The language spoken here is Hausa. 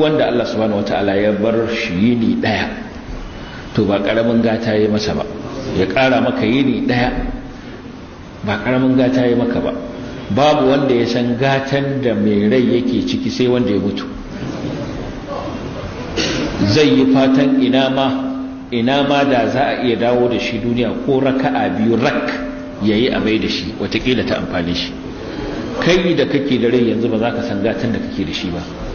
wanda Allah subhanahu wataala ya bar shi yini daya to ba karamin gata yayi masa ba ya kara maka yini daya ba karamin gata ya maka ba babu wanda ya san gatan da mai rai yake ciki sai wanda ya mutu zai yi fatan ina ma ina ma da za a iya dawo da shi duniya ko raka'a biyu rak yayi a bai da shi Wataƙila ta amfani shi kai da kake da rai yanzu ba za ka san gatan da kake da shi ba